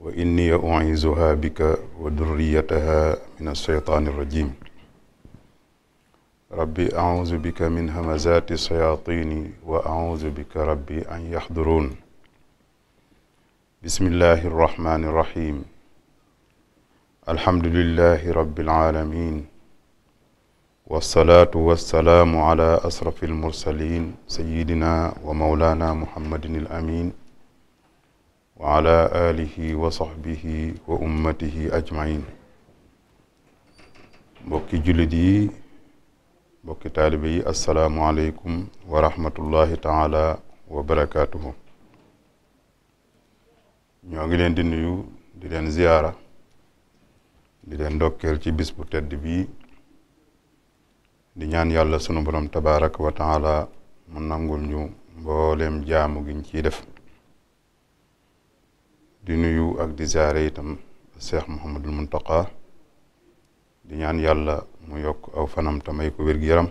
wa inni u'izuha bika wa durriyataha min alsheytaani irrajim rabbi auzu bika min hamazati sayatini wa auzu bika rabbi an yaxduruun bismillahi irrahmani irrahim alhamdulilahi rabbil alamin wasalaatu wasalaamu ala asrafi almursalin sayidina wa maulana muhammadin al amin wa ala alihi wa sahbihi wa ummatihi ajmain mbokki jullit yi mbokki taalibe yi asalaamualeykum wa rahmatullahi taala wa barakaatuhu ñoo ngi leen di nuyu di leen ziyaara di leen ndokkeel ci bis bu tedd bii di ñaan yàlla sunu borom tabaraka wa taala mu nangul ñu mbooleem jaamu giñ ci def di nuyu ak di ziare itam seex Muhammadul Muntaqa di ñaan yàlla mu yokk aw fanam te may ko wér yaram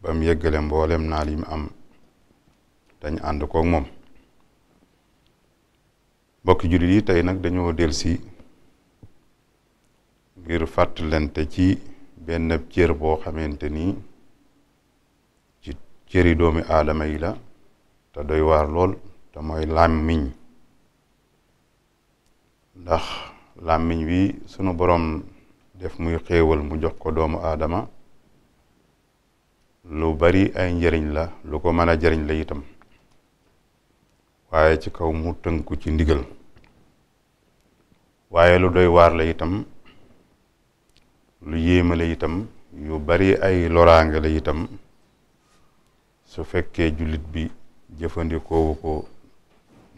bam mu yeggale mboolem naal yi mu am dañ ànd koog moom mbokki jullit yi tey nag dañoo dellusi ngir fàttalante ci benn cër boo xamante ni ci ceri doomi aadama yi la te doy waar lool te mooy làmmiñ ndax làmmiñ wi sunu boroom def muy xéewal mu jox ko doomu aadama lu bari ay njariñ la lu ko mën a jariñ la itam waaye ci kaw mu tënku ci ndigal waaye lu doy waar la itam lu yéema la itam yu bari ay loraange la itam su fekkee jullit bi jëfandikoowu ko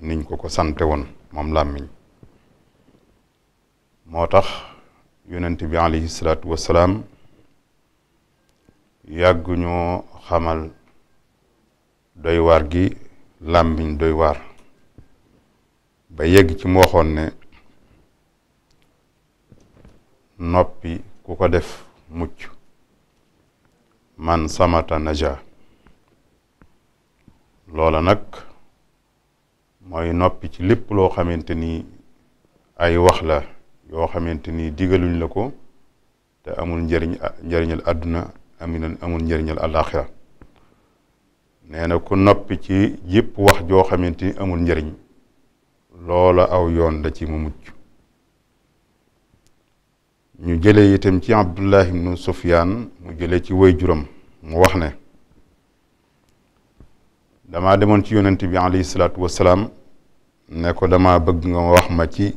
niñ ko ko sante woon moom làmmiñ moo tax yonent bi alayhi salaatu wassalaam yàgg xamal doy waar gi làmbiñ doy waar ba yegg ci mu waxoon ne noppi ku ko def mucc man samata naja loola nag mooy noppi ci lépp loo xamante ni ay wax la yoo xamante ni digaluñ la ko te amul njëriñ njëriñal àdduna amin amul njëriñal àllaaxira nee na ku noppi ci yépp wax joo xamante ni amul njëriñ loola aw yoon la ci mu mucc ñu jële itam ci abdullah ibnu sufyaan mu jële ci way juram mu wax ne damaa demoon ci yonent bi alayhi salaatu wasalaam ne ko dama bëgg nga wax ma ci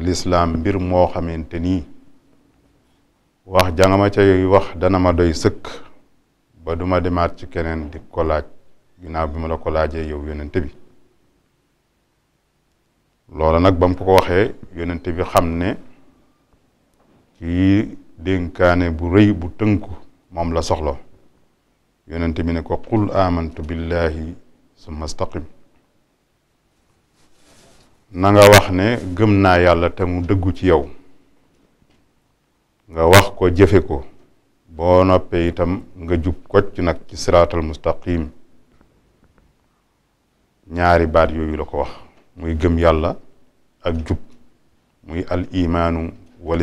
lislaam mbir moo xamante nii wax jangama cay wax dana ma doy sëkk ba duma demaat ci keneen di kolaaj laaj ginnaaw bi ma la ko laajee yow yonente bi loola nag ba ko ko waxee yonente bi xam ne kii dénkaane bu rëy bu tënku moom la soxla yonente bi ne ko qul amantu billahi summa staqim nanga wax ne gëm naa yàlla te mu dëggu ci yow nga wax ko jëfe ko boo noppee itam nga jub kocc nag ci siraatal mustaqim ñaari baat yooyu la ko wax muy gëm yàlla ak jub muy al imaanu wal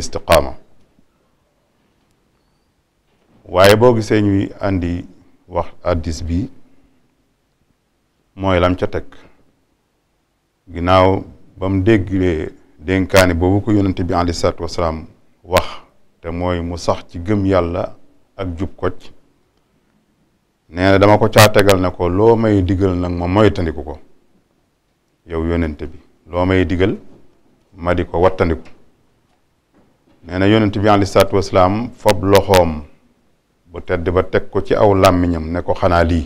waaye boo gisee ñuy andi wax addis bi mooy lam ca teg ginnaaw ba mu déggee dénkaani boobu ko yonente bi alei salaatu wasalaam wax te mooy mu sax ci gëm yàlla ak jub koc nee na dama ko caa tegal ne ko loo may digal nag ma moytandiku ko yow yonente bi loo may digal ma di ko wattandiku nee na yonent bi alei salaatu wasalaam fob loxoom bu tedd ba teg ko ci aw làmmiñam ne ko xanaa lii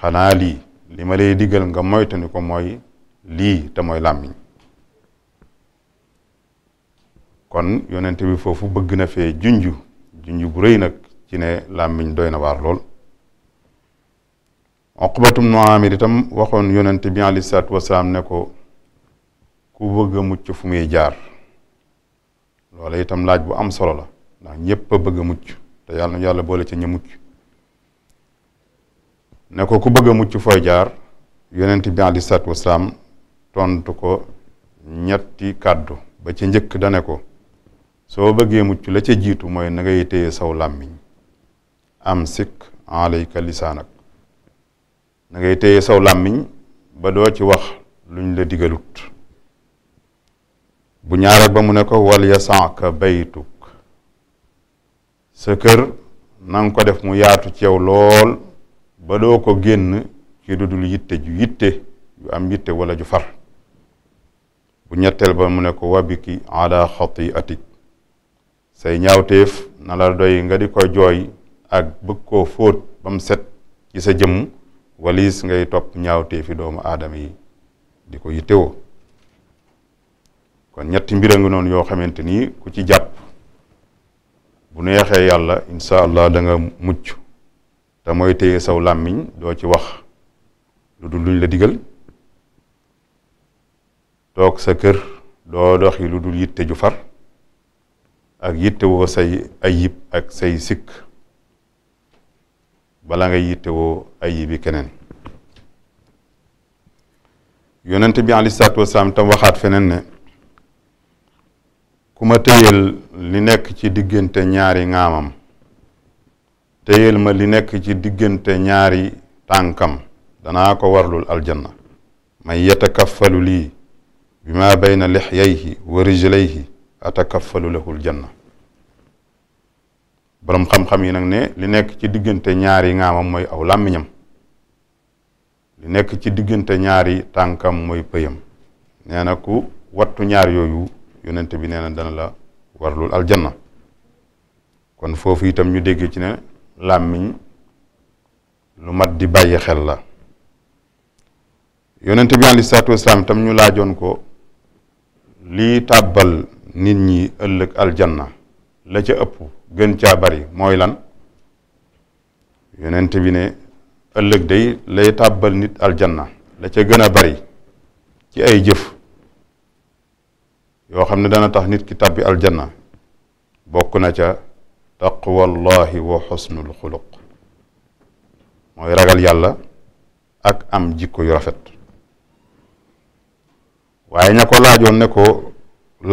xanaa lii li ma lay digal nga moytandiku mooy lii te mooy làmmiñ kon yonent bi foofu bëgg na fee junju junju bu rëy nag ci ne làmmiñ doy na waar lool oqbatum nu amir itam waxoon yonent bi aleyhi salaatu wasalaam ne ko ku bëgg a mucc fu muy jaar loola itam laaj bu am solo la ndax ñépp a bëgg a mucc te yàlla na yàlla boole ca ña mucc ne ko ku bëgg a mucc fooy jaar yonent bi aleyhi salaatu wasalaam tontu ko ñetti kàddu ba ci njëkk da ne ko soo bëggee mucc la ca jiitu mooy nangay ngay téye saw làmmiñ am sikk alayka lisaanak na ngay téye saw làmmiñ ba doo ci wax luñ la digalut bu ñaareel ba mu ne ko wal yasaaka baytuk sa kër na ko def mu yaatu ci yow lool ba doo ko génn ci dudul yitte ju yitte ju am yitte wala ju far bu ñetteel ba mu ne ko wabiki ala xatiatik say ñaawteef na la doy nga di ko jooy ak bëgg koo fóot bam set ci sa jëmm walis ngay topp ñaawteefi doomu aadama yi di ko yittewoo kon ñetti mbir a ngi noonu yoo xamante ni ku ci jàpp bu neexee yàlla incha allah da nga te mooy téye saw làmmiñ doo ci wax lu dul luñ la digal ook sa kër doo doxi lu dul yitte ju far ak yitte woo say ayib ak say sikk bala nga yitte woo ayibi keneen yonent bi aleyhi salaatu wasalaam tam waxaat feneen ne ku ma téyeel li nekk ci diggante ñaari ŋaamam téyeel ma li nekk ci diggante ñaari tànkam danaa ko warlul aljanna may yetakaffalu lii bi ma bay na bayna lixyayhi wa rijlayhi atakaffalu lahul janna boroom xam-xam yi nag ne li nekk ci diggante ñaari ŋaamam mooy aw làmmiñam lu nekk ci diggante ñaari tànkam mooy pëyam nee na ku wattu ñaar yooyu yonent bi nee na dana la warlul aljanna kon foofu itam ñu dégg ci ne làmmiñ lu mat di bàyyi xel la yonent bi alayhi salaatu wasalaam tam ñu laajoon ko lii tàbbal nit ñi ëllëg aljanna la ca ëpp gën caa bari mooy lan yonent bi ne ëllëg day lay tàbbal nit aljanna la ca gën a bari ci ay jëf yoo xam ne dana tax nit ki tàbbi aljanna bokk na ca taqwallahi wa xusnul xuluq mooy ragal yàlla ak am jikko yu rafet waaye ña ko laajoon ne ko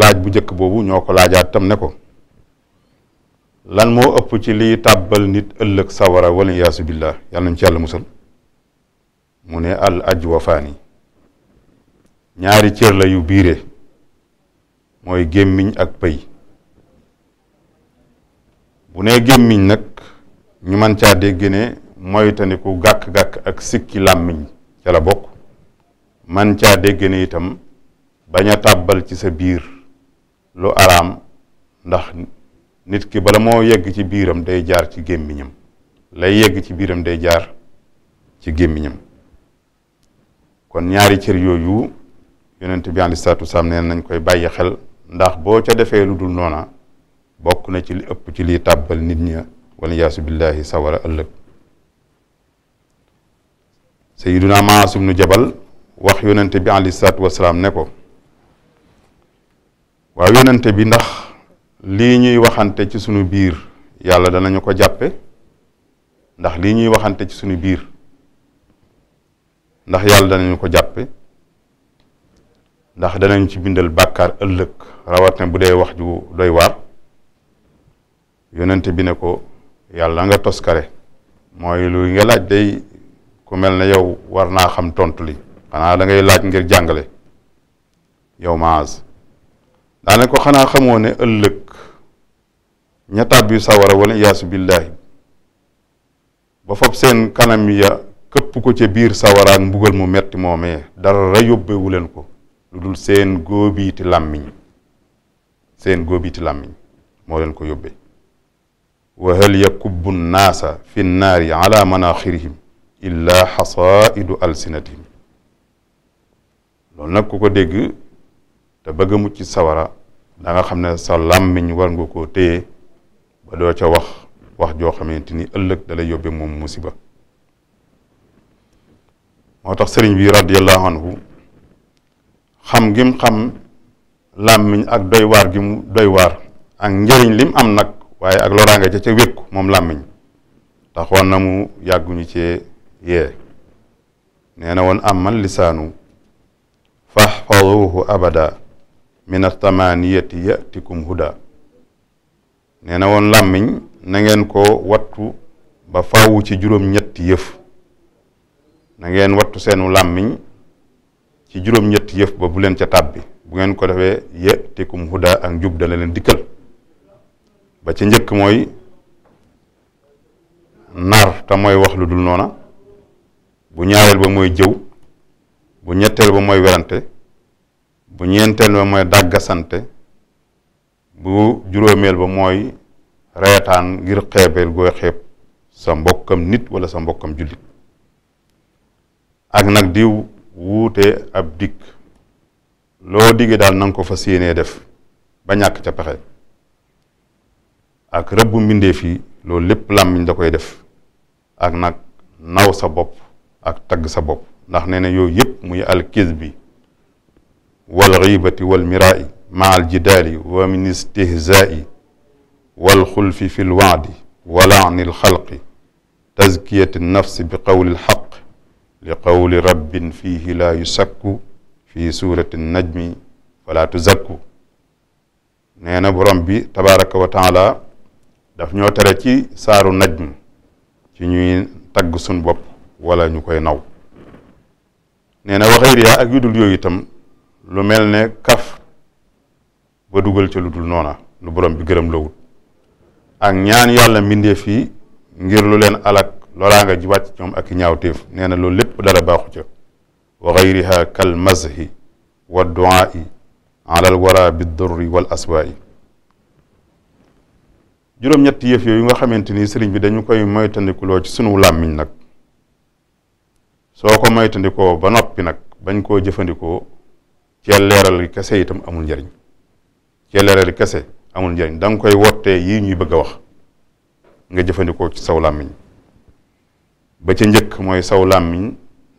laaj bu njëkk boobu ñoo ko laajaat tam ne ko lan moo ëpp ci liy tàbbal nit ëllëg sawara wala yaasu billah yàlla nañ ci yàlla musal mu ne al ajwafaani ñaari cër la yu biire mooy gémmiñ ak pëy bu nee gémmiñ nag ñu man caa dégg ne moytandiku gàkk-gàkk ak sikki làmmiñ ca la bokk man caa dégg itam bañ a tàbbal ci sa biir lu araam ndax nit ki bala moo yegg ci biiram day jaar ci gémmiñam lay yegg ci biiram day jaar ci gémmiñam kon ñaari cër yooyu yonent bi aleyhi salaatu wasalaam neen nañ koy bàyyi xel ndax boo ca defee lu dul noona bokk na ci li ëpp ci liy tàbbal nit ñi wala yaasu billahi sawara ëllëg sayiduna maasum nu jabal wax yonent bi aleyhi salaatu wasalaam ne ko waaw yonente bi ndax lii ñuy waxante ci sunu biir yàlla danañu ko jàppe ndax lii ñuy waxante ci sunu biir ndax yàlla danañu ko jàppe ndax danañ ci bindal bàkkaar ëllëg rawatina bu dee wax ju doy waar yonente bi ne ko yàlla nga toskare mooy luy nga laaj day ku mel ne yow war naa xam tontu li xanaa dangay laaj ngir jàngale yow maas daane ko xanaa xamoo ne ëllëg ña tàbbi sawara wala iyaasu billaahi ba fab seen kanam ya këpp ko ca biir sawaraak ak mbugal mu metti moomee dara yóbbewu leen ko lu dul seen góobiiti làmmiñ seen góobiiti làmmiñ moo leen ko yóbbe wa hal yakubbu nnaasa fi nnaari ala manaxirihim illa xasaidu alsinatihim loolu nag ku ko dégg te bëgg a mucc sawara danga xam ne sa làmmiñ war nga koo téye ba doo ca wax wax joo xamante ni ëllëg da lay yóbbee moom musiba moo tax sëriñ bi radiyallahu anhu xam gim xam làmmiñ ak doy waar gi mu doy waar ak njëriñ lim am nag waaye ak loraange ca ca wékku moom làmmiñ taxoon na mu yàgguñu cee yee nee na woon amal lisaanu fahfaduhu abada min astamaniyati yatikum huda nee na woon làmmiñ na ngeen ko wattu ba faawu ci juróom-ñetti yëf na ngeen wattu seenu làmmiñ ci juróom-ñetti yëf ba bu leen ca bi bu ngeen ko defee yatikum huda ak njub dana leen dikkal ba ca njëkk mooy nar te mooy wax lu dul noona bu ñaareel ba mooy jëw bu ñetteel ba mooy werante bu ñeenteel ba mooy dàggasante bu juróomeel ba mooy reetaan ngir xeebeel gooy xeeb sa mbokkam nit wala sa mbokkam jullit ak nag di wuute ab dikk loo digge daal na ko fa yéenee def ba ñàkk ca pexe ak rëbb mbindeef yi loolu lépp làmmiñ da koy def ak nag naw sa bopp ak tagg sa bopp ndax nee na yooyu yëpp muy alkis bi walxiibati walmiraai maa aljidaali wa min istihzaai walxulfi fi lwaadi wa laani alxalqi tazkiyati nafsi bi qawli alxaq li qawli rabbin fiihi laa yusakku fi suurati najmi fala tuzakku nee na borom bi tabaraka wa taala daf ñoo tere ci saaru najm ci ñuy tagg sun bopp wala ñu koy naw nee na waxeer yaa ak yu dul yooyu itam lu mel ne kaf ba dugal ca lu dul noona lu borom bi gërëm lawut ak ñaan yàlla mbindeef yi ngir lu leen alak loolaa nga ji wàcc ñoom ak ñaawteef nee na loolu lépp dara baaxu ca wa gayriha kal mazhi wa duaai ala al wara bi durri wal aswaai juróom-ñetti yëf yooyu nga xamante ni sëriñ bi dañu koy moytandikuloo ci sunu làmmiñ nag soo ko moytandikoo ba noppi nag bañ koo jëfandikoo cee leeral kese itam amul njariñ cee leeral gi kese amul njariñ danga koy wottee yii ñuy bëgg a wax nga jëfandikoo ci saw làmmiñ ba ca njëkk mooy saw làmmiñ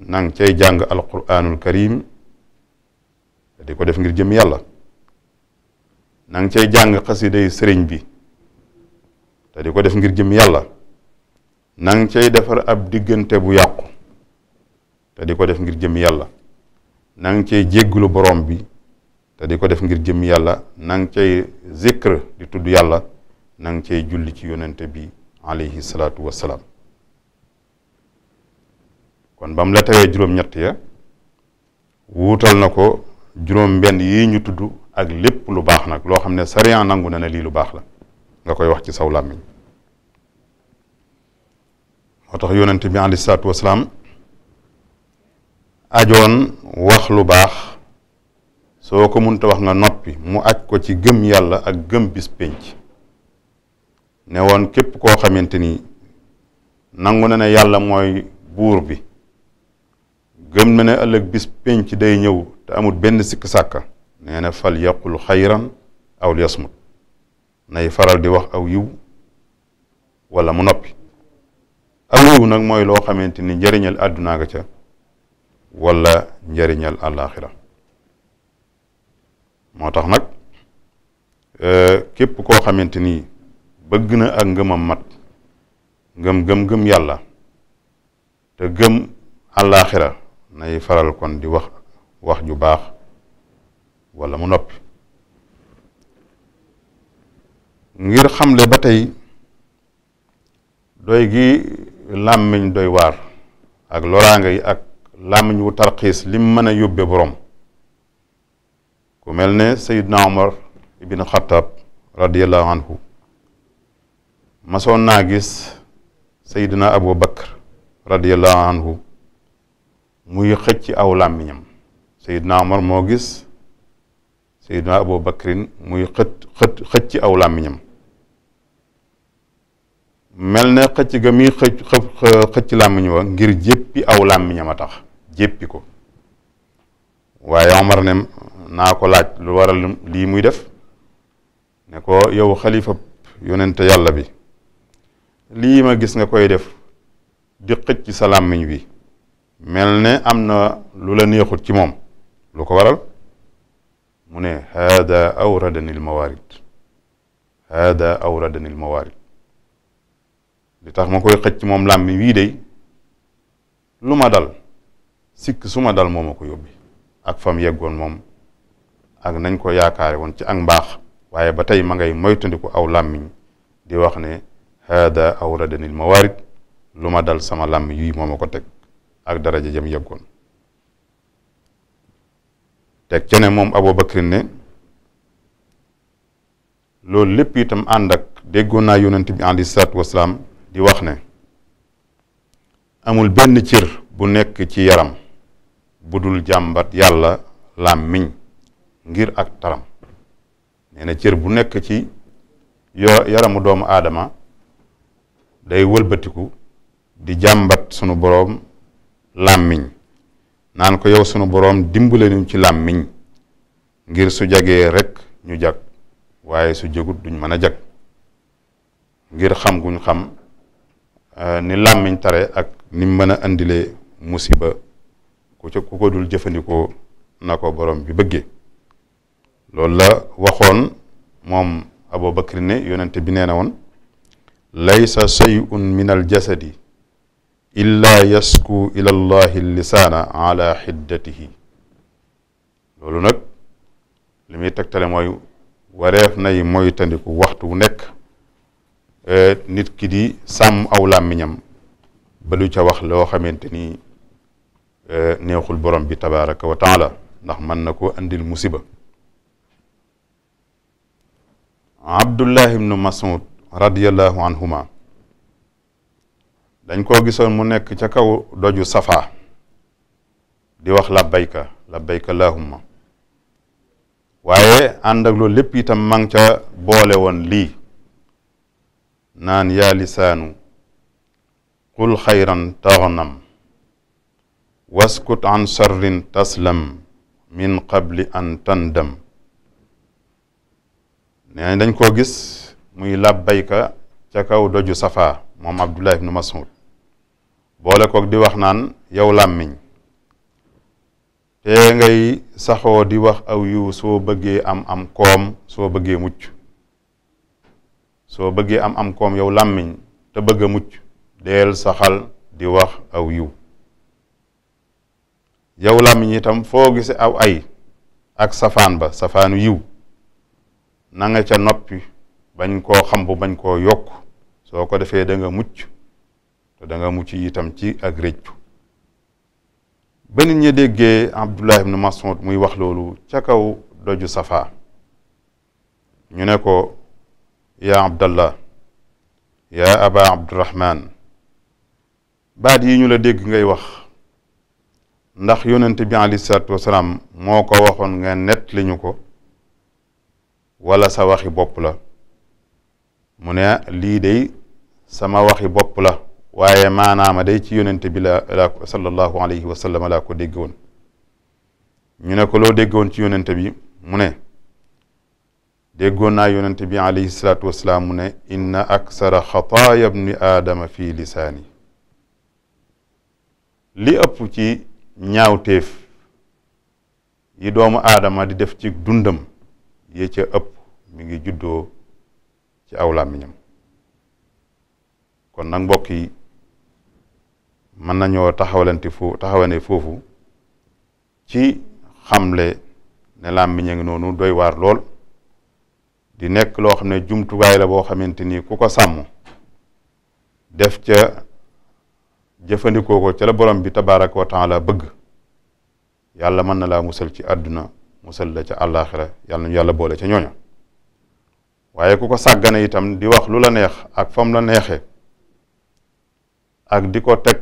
na nga cay jàng alquranul karim di ko def ngir jëm yàlla na nga cay jàng xasiday sëriñ bi te di ko def ngir jëm yàlla na nga cay defar ab diggante bu yàqu te di ko def ngir jëm yàlla na nga cay jéggulu borom bi te di ko def ngir jëm yàlla na nga cay zikr di tudd yàlla na nga cay julli ci yonente bi alayhi salaatu wassalaam kon bam la tawee juróom-ñett ya wuutal na ko juróom mbenn yi ñu tudd ak lépp lu baax nag loo xam ne sariya nangu na ne lii lu baax la nga koy wax ci saw làmmiñ moo tax yonente bi wassalaam ajoon wax lu baax soo ko munta wax nga noppi mu aj ko ci gëm yàlla ak gëm bis pénc ne woon képp koo xamante ni nangu na ne yàlla mooy buur bi gëm na ne ëllëg bis pénc day ñëw te amul benn sikk sàkka nee na fal yaqul xayran aw liyasmut nay faral di wax aw yiw wala mu noppi aw yiw nag mooy loo xamante ni njëriñal àddunaa nga ca wala njariñal àllaaxira moo tax nag euh, képp koo xamante ni bëgg na ak ngëmam mat ngëm gëm gëm yàlla te gëm àllaaxira nay faral kon di wax wax ju baax walla mu nopp ngir xamle ba tey doy gi làmmiñ doy waar ak loraanga yi ak làmmiñ wu tarxiis lim mën a yóbbe borom ku mel ni sayidna omar ibn xattaab radiallahu anhu masoon naa gis sayidna abu bakar radiallahu muy xëcc aw làmmiñam sayidna omar moo gis sayidna abu bakrin muy xëcc aw làmmiñam mel ne xëcc ga muy xëcc xëcc làmmiñ wa ngir jéppi aw làmiñam a tax jéppi ko waaye Omar ne naa ko laaj lu waral lii muy def ne ko yow xalifa yonente yàlla bi lii ma gis nga koy def di xëcc ci sa làmmiñ wi mel ne am na lu la neexut ci moom lu ko waral mu ne haada awradani l mawaarid haada awradani li tax ma koy xëcc moom làmmiñ wii day lu ma dal sikk su ma dal moom a ko yóbbi ak fam yeggoon moom ak nañ ko yaakaare woon ci ak mbaax waaye ba tey ma ngay ko aw làmmiñ di wax ne hada awradanil mawaarid lu ma dal sama làmmiñ yi moom a ko teg ak daraja jam yeggoon teg ca ne moom Abu ne loolu lépp itam ànd ak déggoon naa yonent bi alayhi salaatu wasalaam di wax ne amul benn cër bu nekk ci yaram bu dul jàmbat yàlla làmmiñ ngir ak talam nee na cër bu nekk ci yo yaramu doomu aadama day wëlbatiku di jàmbat sunu boroom làmmiñ naan ko yow sunu boroom dimbale ñu ci làmmiñ ngir su jagee rekk ñu jag waaye su jagut duñ mën a jag ngir xam guñ xam eh, ni làmmiñ tare ak ni mën a andile musiba ku ca ku dul jëfandikoo na ko boroom bi bëggee loolu la waxoon moom Abu Bakr ne yonente bi nee na woon laysa shay'un min al jasadi illa yasku ila llahi lisaana ala xiddatihi loolu nag li muy tegtale mooy wareef nay moytandiku waxtu wu nekk eh, nit ki di sàmm aw làmmiñam ba lu ca wax loo xamante ni Euh, neexul borom bi tabaraka wa ndax man na koo andil musiba abdullah ibnu masud radiallahu anhuma dañ koo gisoon mu nekk ca kaw doju safa di wax labbayka labbayka lahumma waaye ànd ak loolu mang ca boole woon lii naan yaa lisaanu qul xayran taxnam waskut an charrin taslam min qabli an tandam nee dañ koo gis muy labbayka ca kaw doju safaa moom abdullah ibnu masud boole koog di wax naan yow làmmiñ te ngay saxoo di wax aw yiw soo bëggee am am koom soo bëggee mucc soo bëggee am am koom yow làmmiñ te bëgg a mucc deel saxal di wax aw yiw yow làmmiñ itam foo gise aw ay ak safaan ba safaanu yiw na nga ca noppi bañ koo xam bañ koo yokk soo ko defee danga mucc te da mucc itam ci ak réccu ba nit ñi déggee Abdullah ibn Mas'ud muy wax loolu ca kaw doju safa ñu ne ko yaa Abdallah yaa aba Abdurahman baat yi ñu la dégg ngay wax ndax yonent bi alayhi salaatu wasalaam moo ko waxoon nga net li ñu ko wala sa waxi bopp la mu ne lii day sama waxi bopp la waaye maanaama day ci yonent bi la la sallallahu alayhi wa sallam ko dégg woon ñu ne ko loo déggoon ci yonent bi mu ne déggoon naa yonent bi alayhi salaatu wasalaam mu ne inna aksara xataaya bni aadama fi lisaani li ëpp ci ñaawteef yi doomu aadama di def ci dundam yee ca ëpp mu ngi juddoo ci aw làmmiñam kon nag mbokk yi mën nañoo taxawalante foofu taxawane foofu ci xamle ne làmmiñ a ngi noonu doy waar lool di nekk loo xam ne jumtuwaay la boo xamante ni ku ko sàmm def ca jëfandikoo ko ca la borom bi tabaaraka wa taala bëgg yàlla mën na laa musal ci àdduna musal la ca àllaaxira yàlla yàlla boole ca ñooña waaye ku ko sàggane itam di wax lu la neex ak fam la neexee ak di ko teg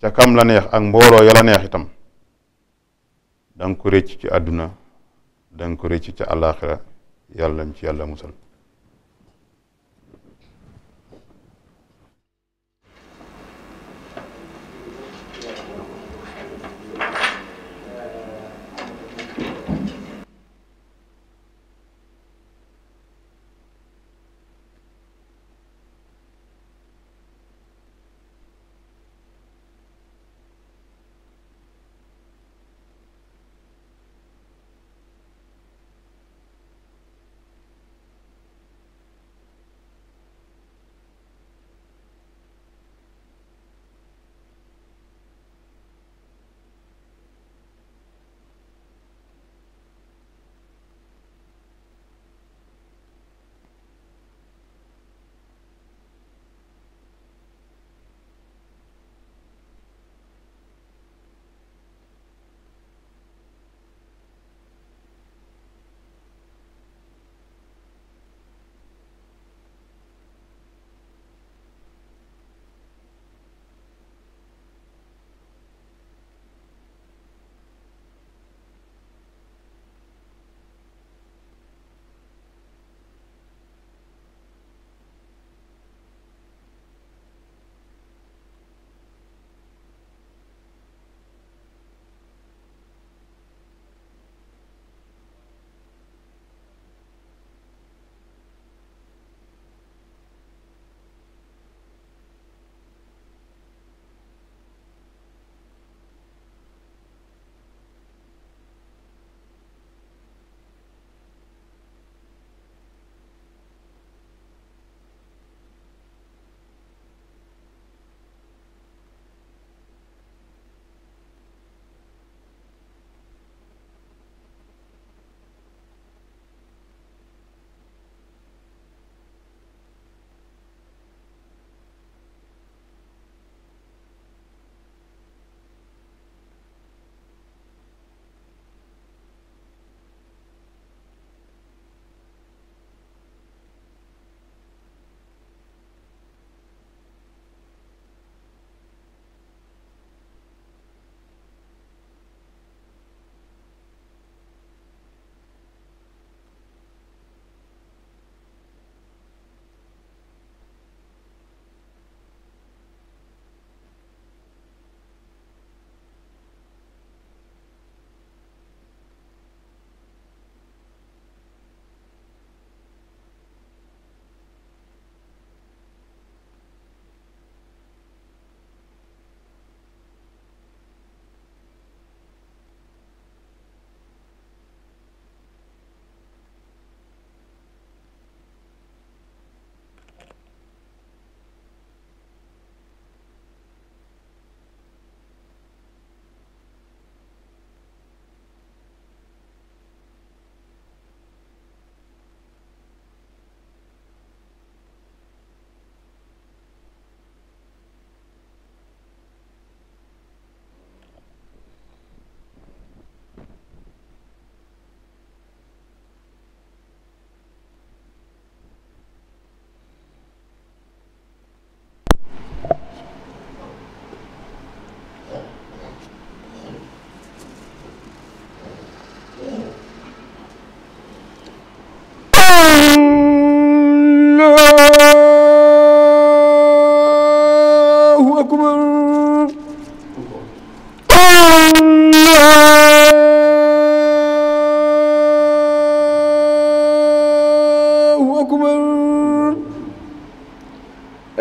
ca kam la neex ak mbooloo ya la neex itam da ko rëcc ci àdduna da ko rëcc ca àllaaxira yàlla nañ ci yàlla musal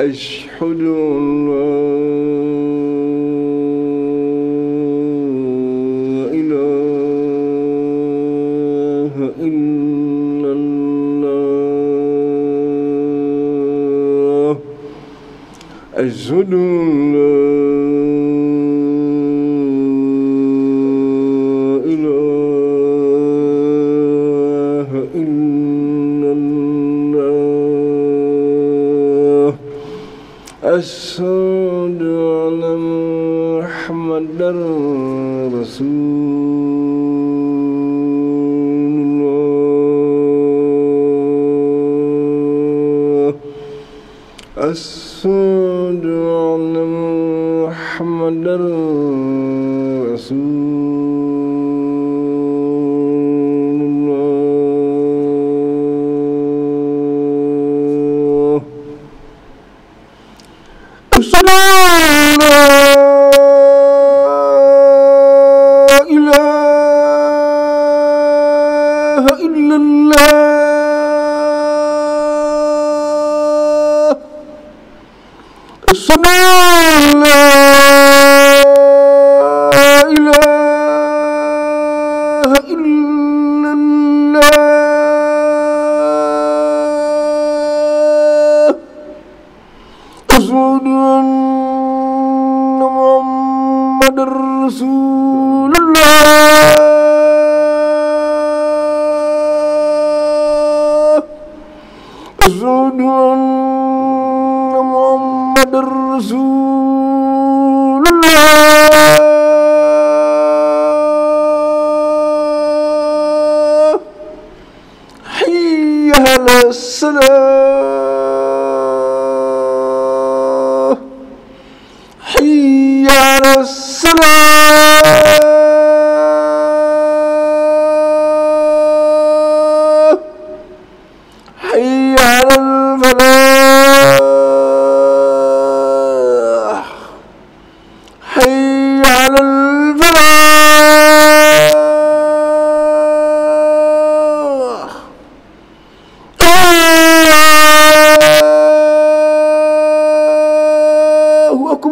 أشهد أن لا إله إلا الله أشهد เดิน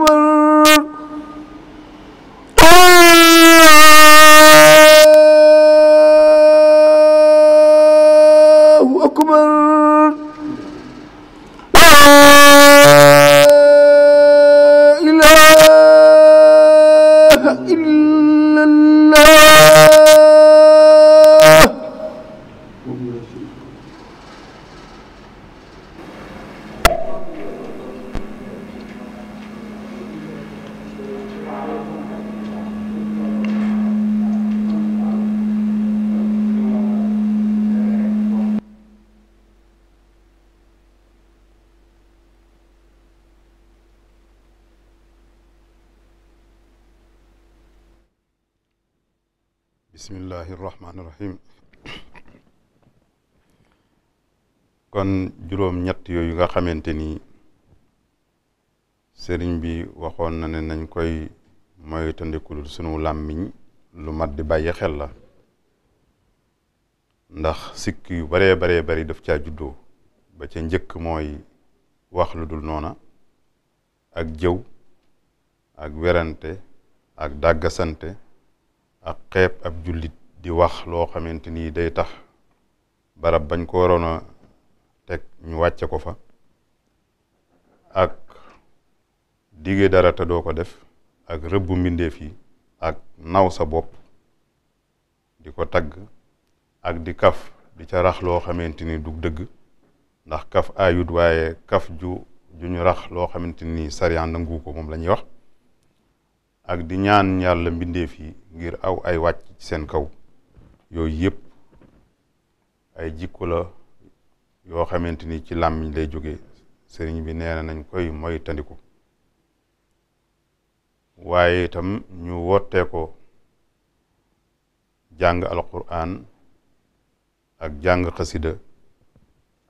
أكبر juróom-ñett yooyu nga xamante ni sëriñ bi waxoon na ne nañ koy moytandikul sunu làmmiñ lu mat di bàyyi xel la ndax sikk yu baree baree bari daf caa juddoo ba ca njëkk mooy wax lu dul noona ak jëw ak werante ak dàggasante ak xeeb ab jullit di wax loo xamante ni day tax barab bañ ko waroon teg ñu wàcce ko fa ak dige dara te doo ko def ak rëbbu mbindeef yi ak naw sa bopp di ko tagg ak di kaf di ca rax loo xamante ni du dëgg ndax kaf ayut waaye kaf ju ju ñu rax loo xamante ni sariyaan nangu ko moom lañuy wax ak di ñaan yàlla mbindeef yi ngir aw ay wàcc seen kaw yooyu yëpp ay jikko la yoo xamante ni ci làmmiñ lay joge sëriñ bi neena nañ koy moytandiku waaye itam ñu wottee ko jàng alquran ak jàng xasida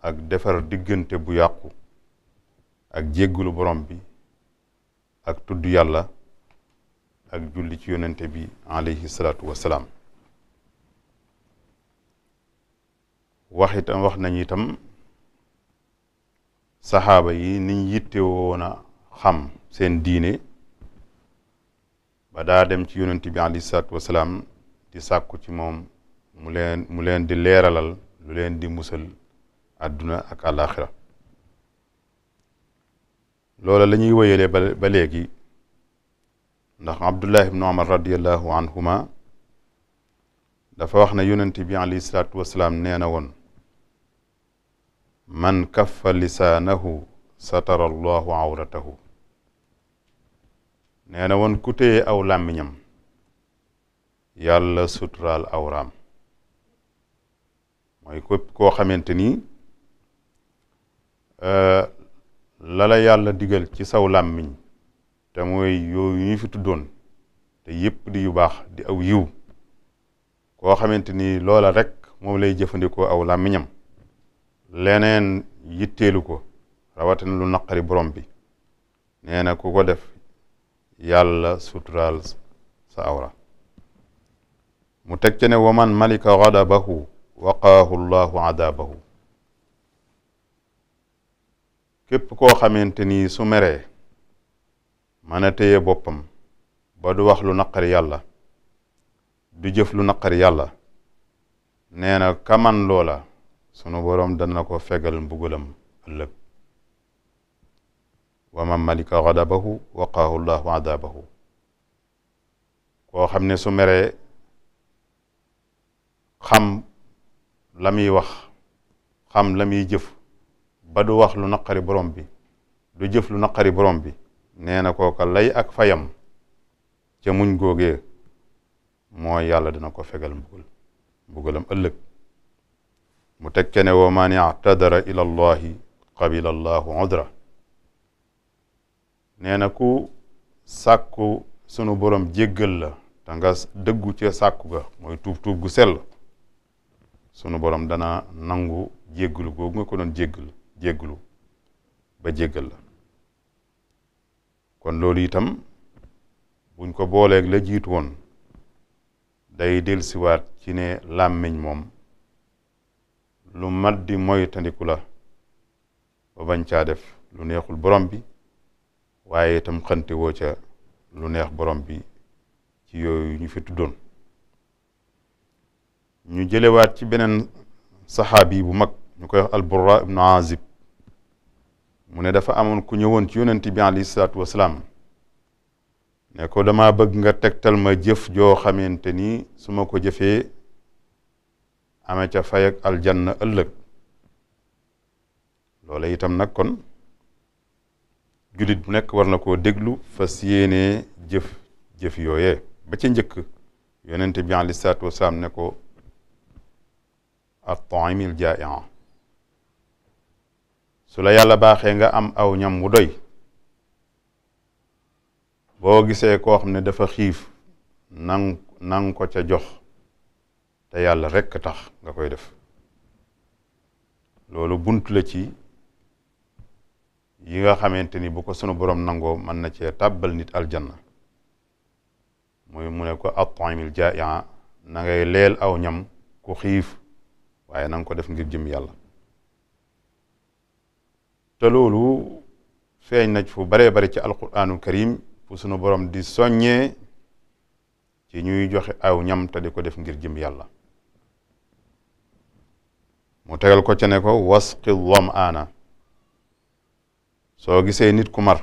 ak defar diggante bu yàqu ak jéggulu borom bi ak tudd yàlla ak julli ci yonente bi alayhi salaatu wasalaam wax nañ itam saxaaba yi niñ yittewoon a xam seen diine ba daa dem ci yonent bi alayhi salaatu wasalaam di sàkku ci moom mu leen di leeralal lu leen di musal àdduna ak àllaaxira loola la ñuy wéyale ba léegi ndax abdullah ibnu omar radiallahu anhuma dafa wax ne yonent bi alayhi salaatu nee na woon man kaffa lisaanahu satara allahu awratahu nee na woon ku aw làmmiñam yàlla suturaal awraam mooy képp koo xamante ni euh, la la yàlla digal ci saw làmmiñ te mooy yooyu ñu fi tuddoon te yépp di yu baax di aw yiw koo xamante ni loola rek moom lay jëfandikoo aw làmmiñam leneen yitteelu ko rawatina lu naqari borom bi nee ku ko def yàlla suturaal sa awra mu teg ci ne waman malika ghadabahu waqaahu llahu adabahu képp koo xamante ni su meree mën a boppam ba du wax lu naqari yàlla du jëf lu naqari yàlla neena na kaman loola sunu boroom dana ko fegal mbugalam ëllëg wa man malika xadabahu waqaahu llahu adabahu koo xam ne su meree xam la muy wax xam la muy jëf ba du wax lu naqari borom bi du jëf lu naqari borom bi nee na kooka lay ak fayam ca muñ góogee mo yàlla dana ko fegal mbugul mbugalam ëllëg mu teg tekke ne wa man i'tadara ila allahi qabila allahu udra nee na ku sàkku sunu borom jéggal la te nga dëggu ci sàkku ga mooy tuub-tuub gu sell sunu borom dana nangu jéggalu googu nga ko doon jéggal jéggalu ba jéggal la kon loolu itam buñ ko booleek la jiitu woon day dellusiwaat cine ne làmmiñ moom lu mat di moytandiku la ba bañ caa def lu neexul borom bi waaye itam xante woo ca lu neex borom bi ci yooyu ñu fi tuddoon ñu jëlewaat ci beneen saxaabi bu mag ñu koy wax alburra ibnu azib mu ne dafa amoon ku ñëwwoon ci yonent bi alayhi salaatu wasalaam ne ko dama bëgg nga tegtal ma jëf joo xamante ni su ma ko jëfee ame ca fay aljan aljanna ëllëg loola itam nag kon jullit bu nekk war na koo déglu fas yéenee jëf jëf yooyee ba ca njëkk yonent bi alei salaatu wasalaam ne ko at-ta'imil jaa'i'a su la yàlla baaxee nga am aw ñam wu doy boo gisee koo xam ne dafa xiif nang nang ko ca jox te yàlla rekk tax nga koy def loolu bunt la ci yi nga xamante ni bu ko sunu borom nangoo mën na cee tàbbal nit aljanna muy mu ne ko atamil jaa na ngay leel aw ñam ku xiif waaye nang ko def ngir jëm yàlla te loolu feeñ na fu baree bari ci alquraanul karim fu sunu boroom di soññee ci ñuy joxe aw ñam te di ko def ngir jëm yàlla mu tegal ko ca ne ko wasqi damaana soo gisee nit ku mar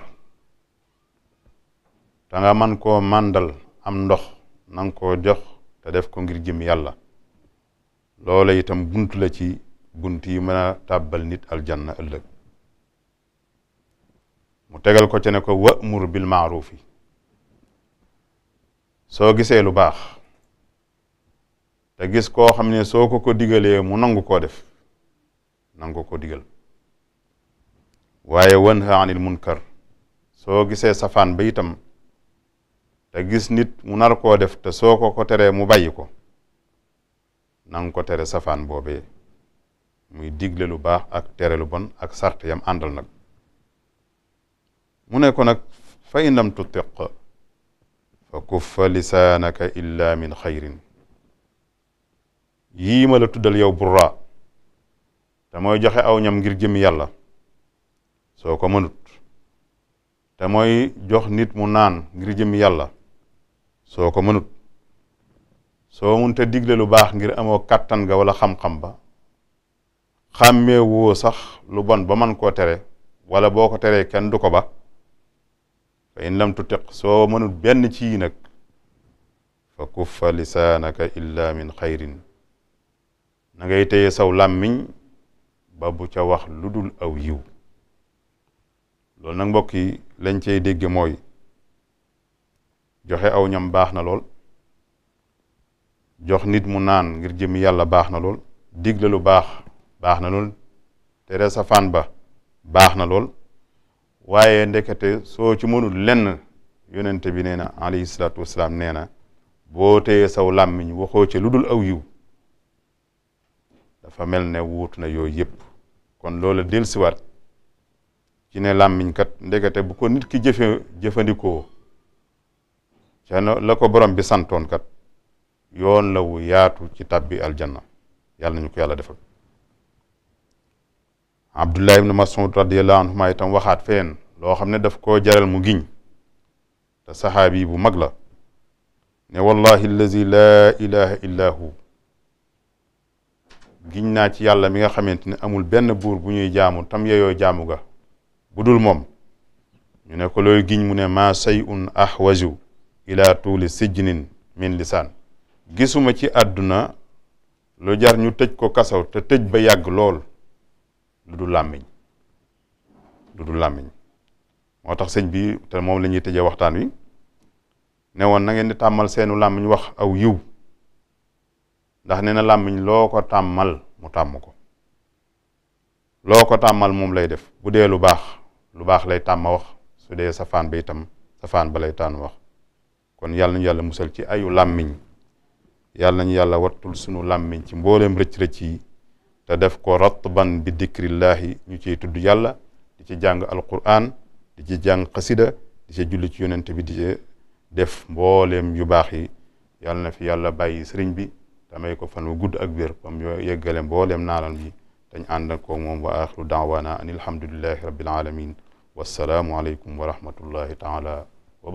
te nga man koo màndal am ndox nanga ko jox te def ko ngir jëm yàlla loola itam bunt la ci bunt yi mën a tàbbal nit aljanna ëllëg mu tegal ko ca ne ko wa'mur bil maarufi soo gisee lu baax te gis koo xam ne soo ko ko digalee mu nangu koo def nangoo ko digal waaye wanha anil munkar soo gisee safaan ba itam te gis nit mu nar koo def te soo ko ko teree mu bàyyi ko nang ko tere safaan boobee muy digle lu baax ak tere lu bon ak sart yam àndal nag mu ne ko nag fa in lam tutiq fa kuffa lisaanaka illa min xayrin yii ma la tuddal yow burra te mooy joxe aw ñam ngir jëm yàlla soo ko mënut te mooy jox nit mu naan ngir jëm yàlla soo ko mënut soo munte digle lu baax ngir amoo kàttan ga wala xam-xam ba xàmmee woo sax lu bon ba man koo tere wala boo ko teree kenn du ko ba fa in lam tutiq soo mënut benn ci yi nag fa kuffa lisaanaka illa min xayrin na ngay téye saw làmmiñ ba bu ca wax lu dul aw yiw loolu nag mbokk yi lañ cey dégg mooy joxe aw ñam baax na lool jox nit mu naan ngir jëm yàlla baax na lool digle lu baax baax na lool tere safaan ba baax na lool waaye ndekete soo ci mënul lenn yonente bi nee na alayhi salaatu wasalaam nee na boo téyee saw làmmiñ waxoo ci lu dul aw yiw dafa mel ne wuutu na yooyu yëpp kon loola dellusiwaat ci ne làmmiñ kat ndekete bu ko nit ki jëfe jëfandikoo ca la ko borom bi santoon kat yoon la wu yaatu ci tàbbi aljanna yàlla nañu ko yàlla defal abdullah ibn mas'ud radiyallahu anhuma itam waxaat feen loo xam ne daf koo jaral mu giñ te saxaabi bu mag la ne wallahi allazi laa ilaha illa giñ naa ci yàlla mi nga xamante ne amul benn buur bu ñuy jaamu tam yeyoo jaamu ga bu dul moom ñu ne ko looy giñ mu ne maa say un ahwaju ila tuuli sijjinin min lisaan gisuma ci àdduna lu jar ñu tëj ko kasaw te tëj ba yàgg lool lu dul làmmiñ lu dul làmmiñ moo tax sëñ bi te moom lañuy tëje waxtaan wi ne woon na ngeen di tàmmal seenu làmmiñ wax aw yiw ndax nee na làmmiñ loo ko tàmmal mu tàmm ko loo ko tàmmal moom lay def bu dee lu baax lu baax lay tàmm wax su dee safaan bi itam safaan ba lay tànn wax kon yàlla nañu yàlla musal ci ayu làmmiñ yàlla nañu yàlla wattul sunu làmmiñ ci mbooleem rëcc-rëcc yi te def ko ratban bi dikrillahi ñu ciy tudd yàlla di ci jàng alquran di ci jàng xasida di ci julli ci yonent bi di ci def mbooleem yu baax yi yàlla na fi yàlla bàyyi sëriñ bi te may ko fan wu gudd ak wér bam yo yeggale mbooleem naalam yi dañ ànd ak koo moom wa axiru daawaana an alhamdulillahi rabbil alamin wassalaamu aleykum wa rahmatullahi taala wa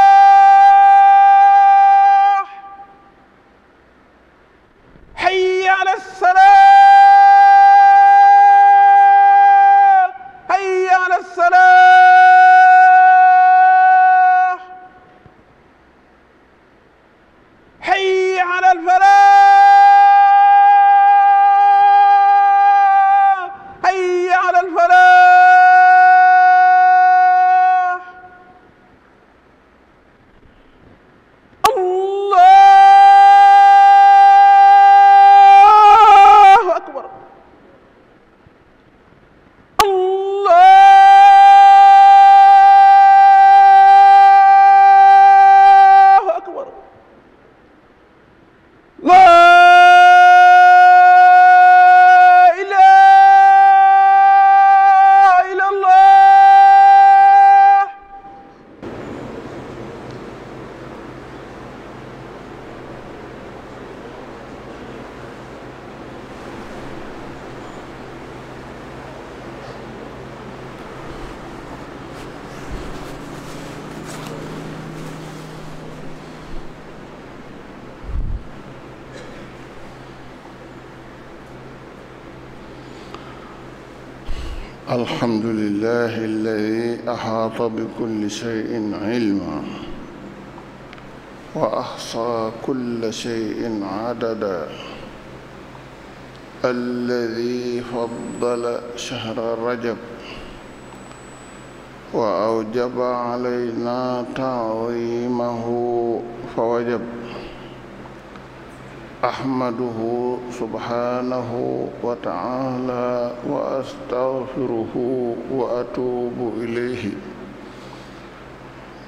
الحمد لله الذي أحاط بكل شيء علما وأحصى كل شيء عددا الذي فضل شهر رجب وأوجب علينا تعظيمه فوجب ahmaduhu subhanahu wa ta'ala wa astaghfiruhu wa atubu ilayhi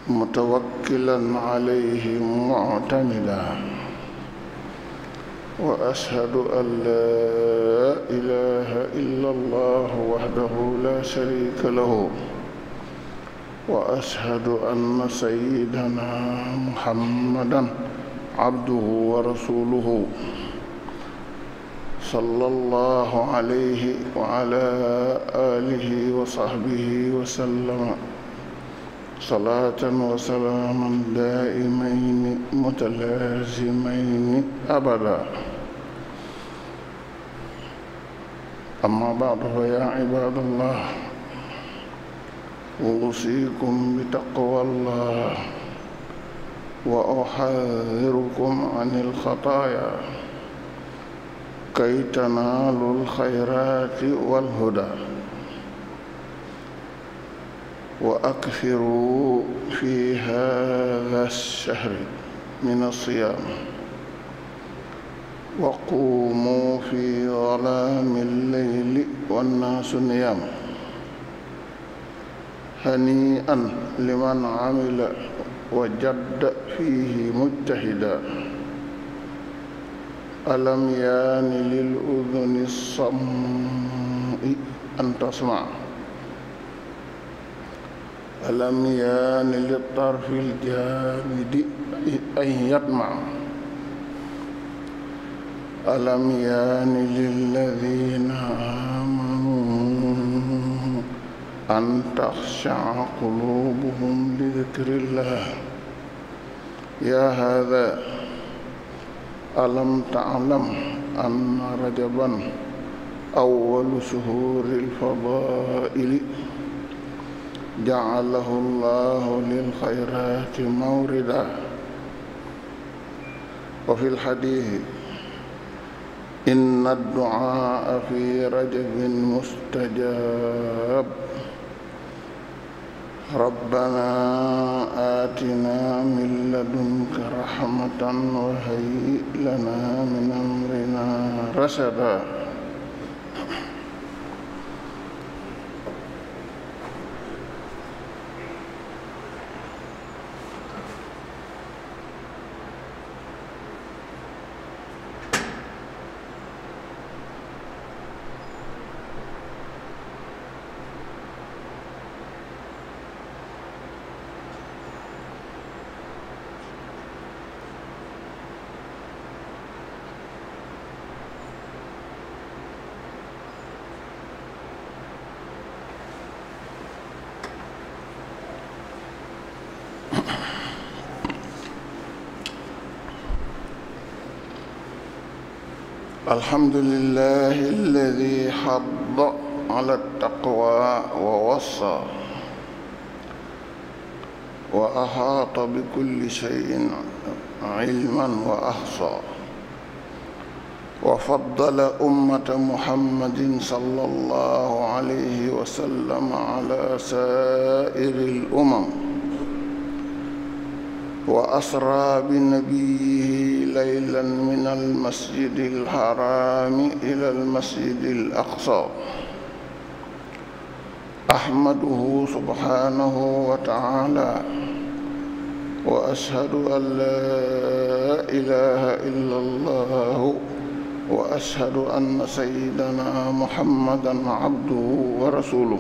mutawakkilan alayhi mu'tamida wa ashhadu an la ilaha illa allah wahdahu la sharika lahu wa ashhadu anna sayyidana muhammadan عبده ورسوله صلى الله عليه وعلى آله وصحبه وسلم صلاة وسلاما دائمين متلازمين أبدا أما بعد فيا عباد الله أوصيكم بتقوى الله وأحذركم عن الخطايا كي تنالوا الخيرات والهدى وأكثروا في هذا الشهر من الصيام وقوموا في ظلام الليل والناس نيام هنيئا لمن عمل وجد فيه مجتهدا ألم يان للأذن الصمء أن تسمع ألم يان للطرف الجامد أن يطمع ألم يان للذين آمنوا أن تخشع قلوبهم لذكر الله يا هذا ألم تعلم أن رجبا أول شهور الفضائل جعله الله للخيرات موردا وفي الحديث إن الدعاء في رجب مستجاب ربنا آتنا من لدنك رحمة وهيئ لنا من أمرنا رشدا الحمد لله الذي حض على التقوى ووصى وأحاط بكل شيء علما وأحصى وفضل أمة محمد صلى الله عليه وسلم على سائر الأمم وأسرى بنبيه ليلا من المسجد الحرام إلى المسجد الأقصى أحمده سبحانه وتعالى وأشهد أن لا إله إلا الله وأشهد أن سيدنا محمدا عبده ورسوله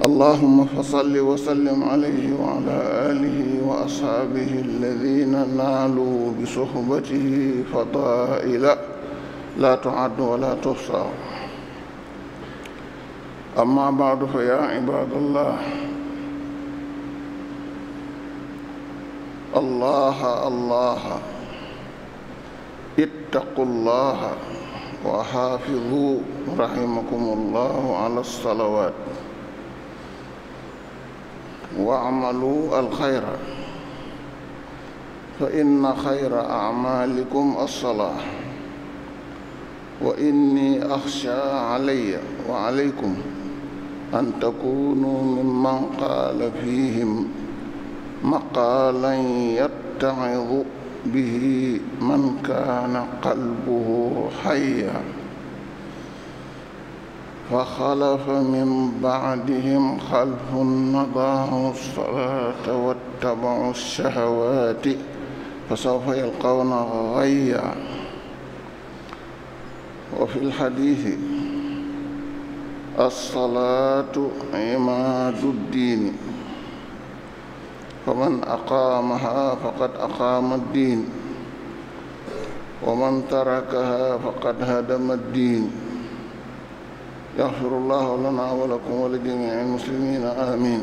اللهم فصل وسلم عليه وعلى آله وأصحابه الذين نالوا بصحبته فضائل لا تعد ولا تحصى أما بعد فيا عباد الله الله الله اتقوا الله وحافظوا رحمكم الله على الصلوات واعملوا الخير فإن خير أعمالكم الصلاة وإني أخشى علي وعليكم أن تكونوا ممن قال فيهم مقالا يتعظ به من كان قلبه حيا وخلف من بعدهم خلف أضاعوا الصلاة واتبعوا الشهوات فسوف يلقون غيا وفي الحديث الصلاة عماد الدين فمن أقامها فقد أقام الدين ومن تركها فقد هدم الدين يغفر الله لنا ولكم ولجميع المسلمين آمين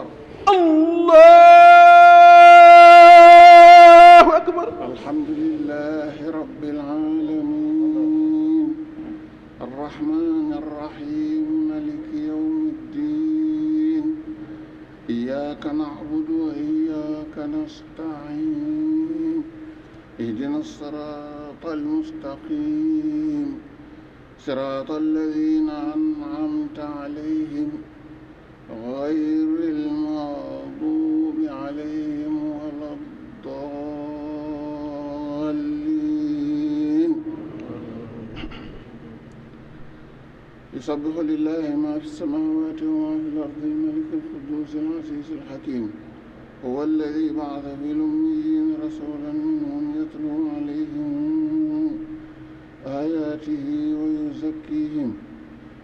akbar allahu akbar alhamdulillahi rabbil alamin arrahmani arrahim maliki yawmi ddin iyyaka na'budu wa iyyaka nasta'in ihdina sirata almustaqim sirata alladhina an'amta alayhim غير المغضوب عليهم ولا الضالين يسبح لله ما في السماوات وما في الأرض الملك القدوس العزيز الحكيم هو الذي بعث في الأميين رسولا منهم يتلو عليهم آياته ويزكيهم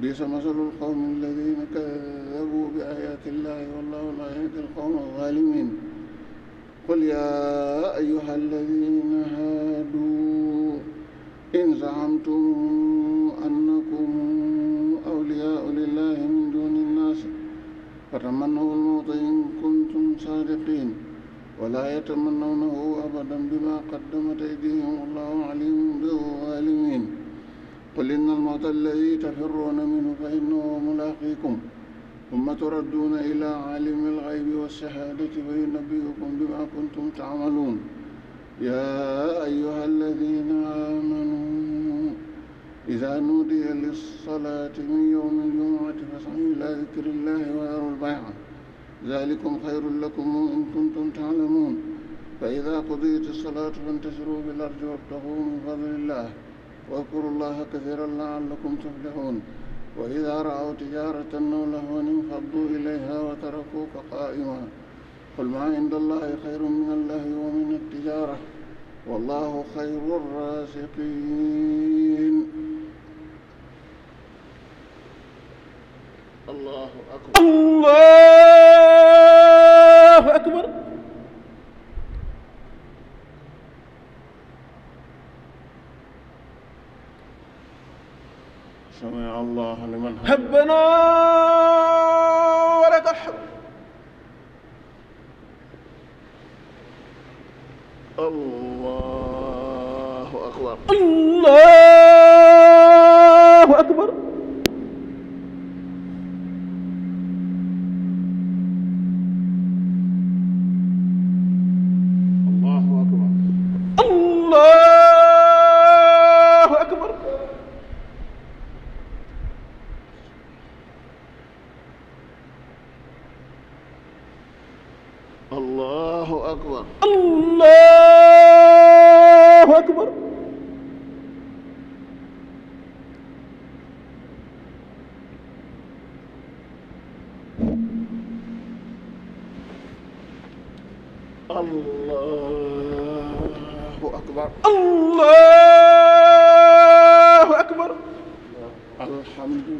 بئس مثل القوم الذين كذبوا بآيات الله والله لا يهدي القوم الظالمين قل يا أيها الذين هادوا إن زعمتم أنكم أولياء لله من دون الناس فتمنوا الموت إن كنتم صادقين ولا يتمنونه أبدا بما قدمت أيديهم والله عليم بالظالمين قل إن الموت الذي تفرون منه فإنه ملاقيكم ثم تردون إلى عالم الغيب والشهادة فينبئكم بما كنتم تعملون يا أيها الذين آمنوا إذا نودي للصلاة من يوم الجمعة فاسعوا إلى ذكر الله وذروا البيع ذلكم خير لكم إن كنتم تعلمون فإذا قضيت الصلاة فانتشروا بالأرض وابتغوا من فضل الله واذكروا الله كثيرا لعلكم تفلحون وإذا رأوا تجارة أو لهوا انفضوا إليها وتركوك قائما قل ما عند الله خير من الله ومن التجارة والله خير الرازقين الله أكبر الله أكبر سمع الله لمن حبنا ولك الحمد الله أكبر الله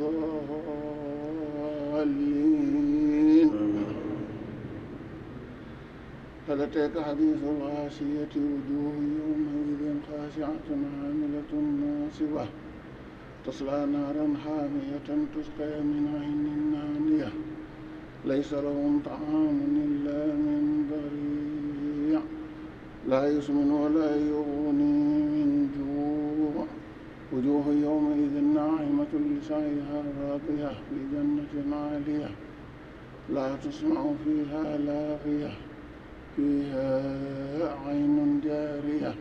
الضالين هل أتاك حديث الغاشية وجوه يومئذ خاشعة عاملة ناصبة تصلى نارا حامية تسقى من عين آنية ليس لهم طعام إلا من ضريع لا يسمن ولا يغني وجوه يومئذ ناعمة لسعيها راضية في جنة عالية لا تسمع فيها لاغية فيها عين جارية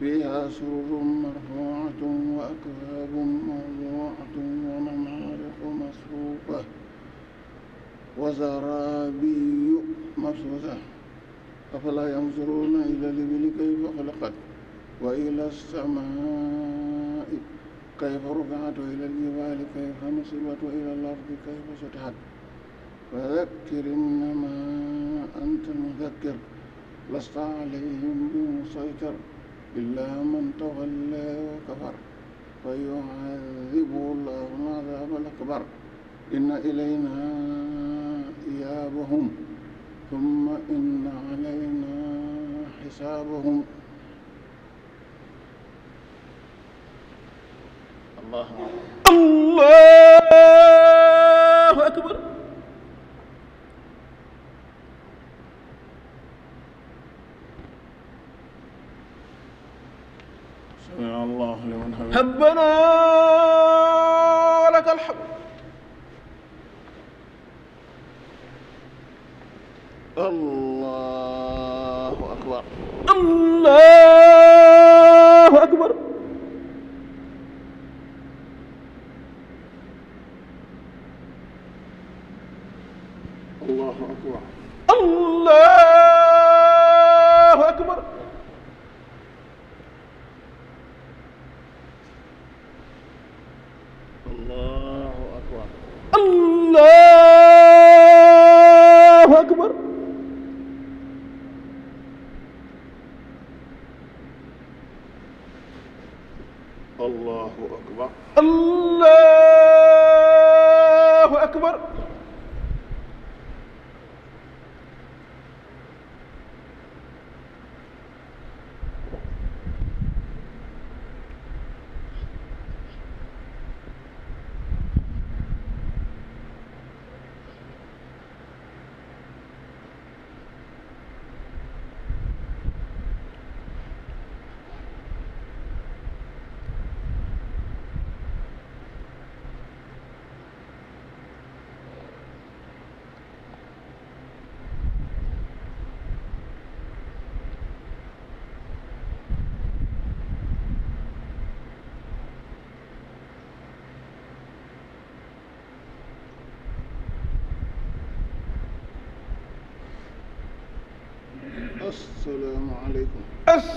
فيها سرر مرفوعة وأكواب موضوعة ونمارق مصفوفة وزرابي مبثوثة أفلا ينظرون إلى الإبل كيف خلقت وإلى السماء كيف رفعت وإلى الجبال كيف نصبت وإلى الأرض كيف سطحت فذكر إنما أنت المذكر لست عليهم بمسيطر إلا من تولى وكفر فيعذبه الله العذاب الأكبر إن إلينا إيابهم ثم إن علينا حسابهم am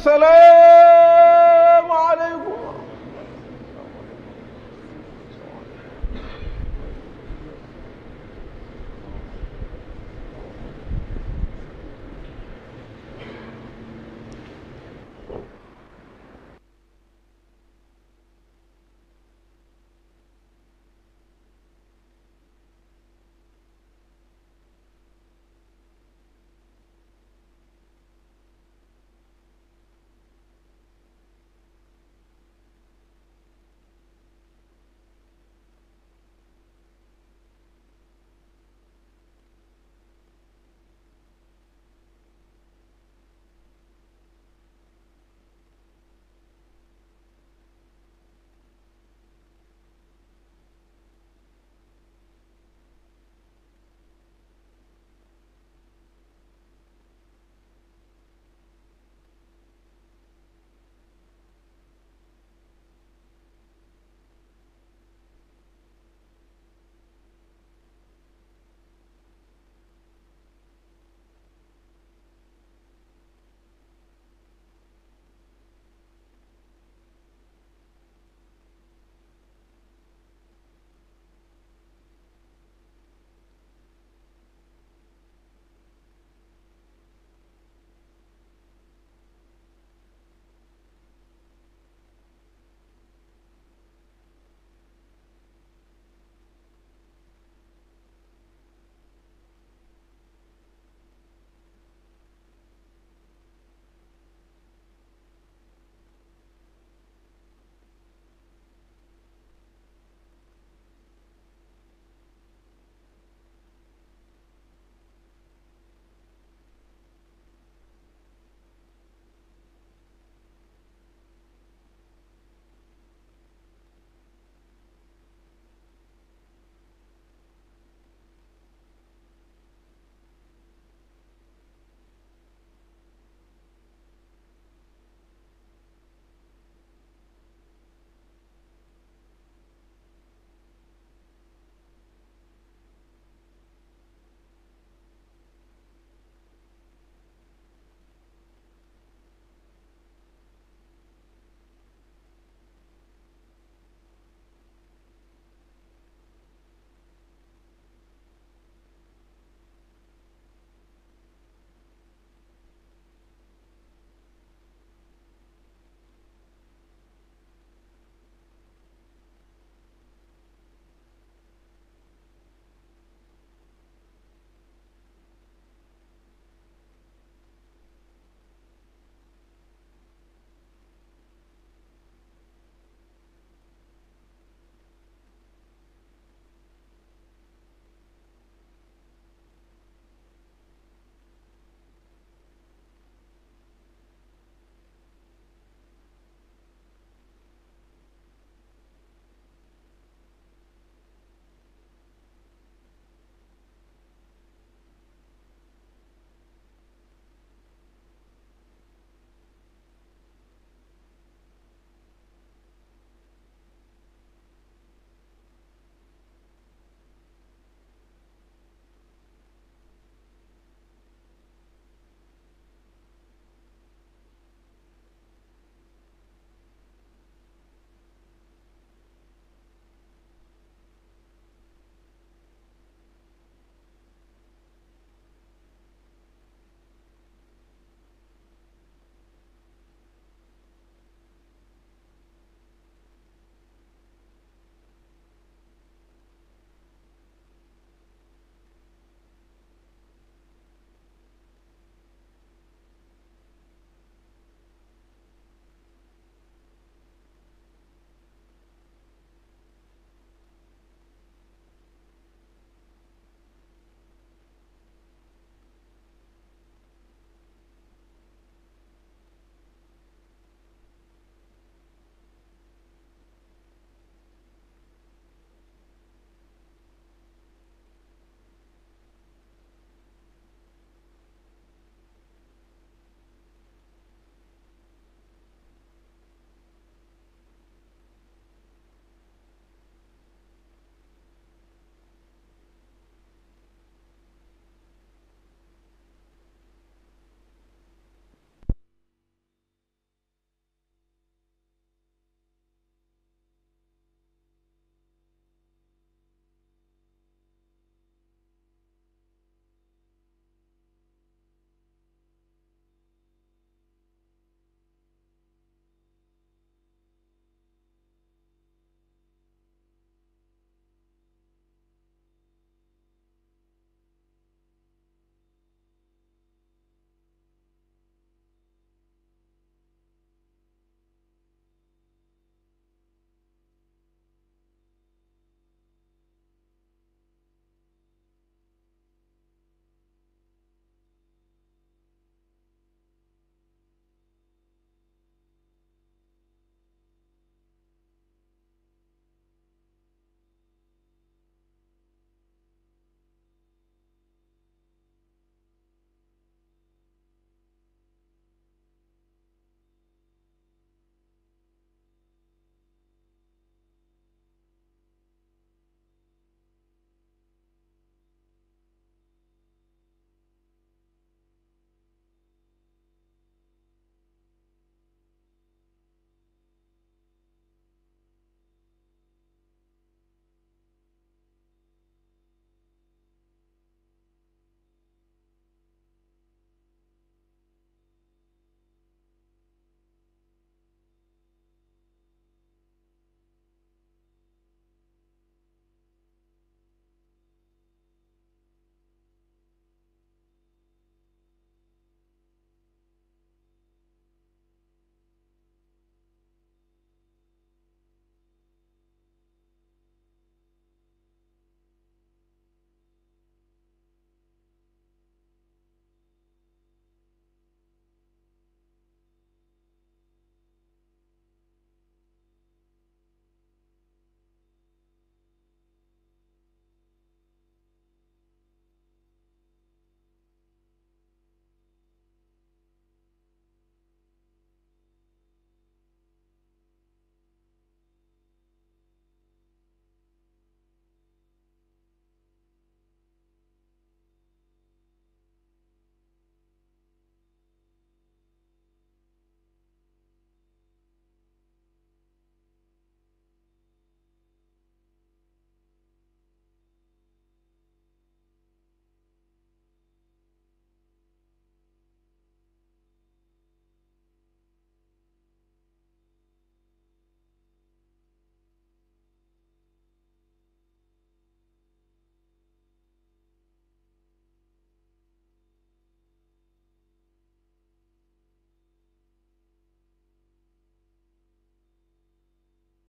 السلام